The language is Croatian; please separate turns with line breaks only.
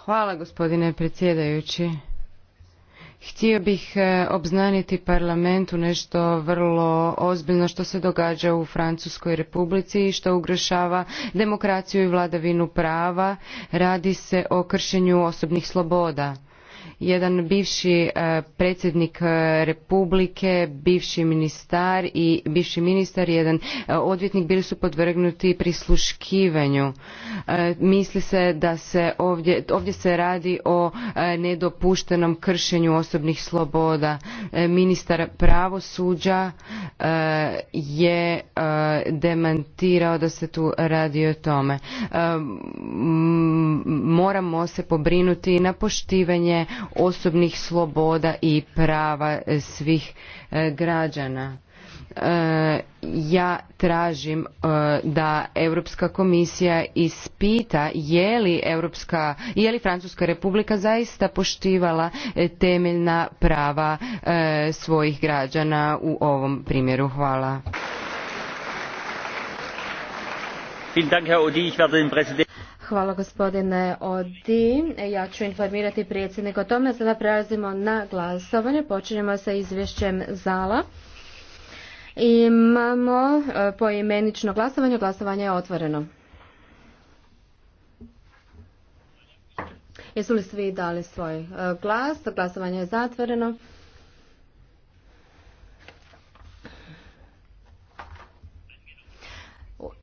Hvala gospodine predsjedajući. Htio bih e, obznaniti parlamentu nešto vrlo ozbiljno što se događa u Francuskoj republici i što ugrošava demokraciju i vladavinu prava. Radi se o kršenju osobnih sloboda jedan bivši e, predsjednik e, Republike, bivši ministar i bivši ministar i jedan e, odvjetnik bili su podvrgnuti prisluškivanju. Misli se da se ovdje, ovdje se radi o nedopuštenom kršenju osobnih sloboda. Ministar pravosuđa je demantirao da se tu radi o tome moramo se pobrinuti na poštivanje osobnih sloboda i prava e, svih e, građana e, ja tražim da Europska komisija ispita je li Europska, je li Francuska Republika zaista poštivala temeljna prava svojih građana u ovom primjeru. Hvala.
Hvala gospodine Odi. E, ja ću informirati predsjednik o tome. Sada prelazimo na glasovanje. Počinjemo sa izvješćem Zala. Imamo e, poimenično glasovanje. Glasovanje je otvoreno. Jesu li svi dali svoj e, glas? Glasovanje je zatvoreno.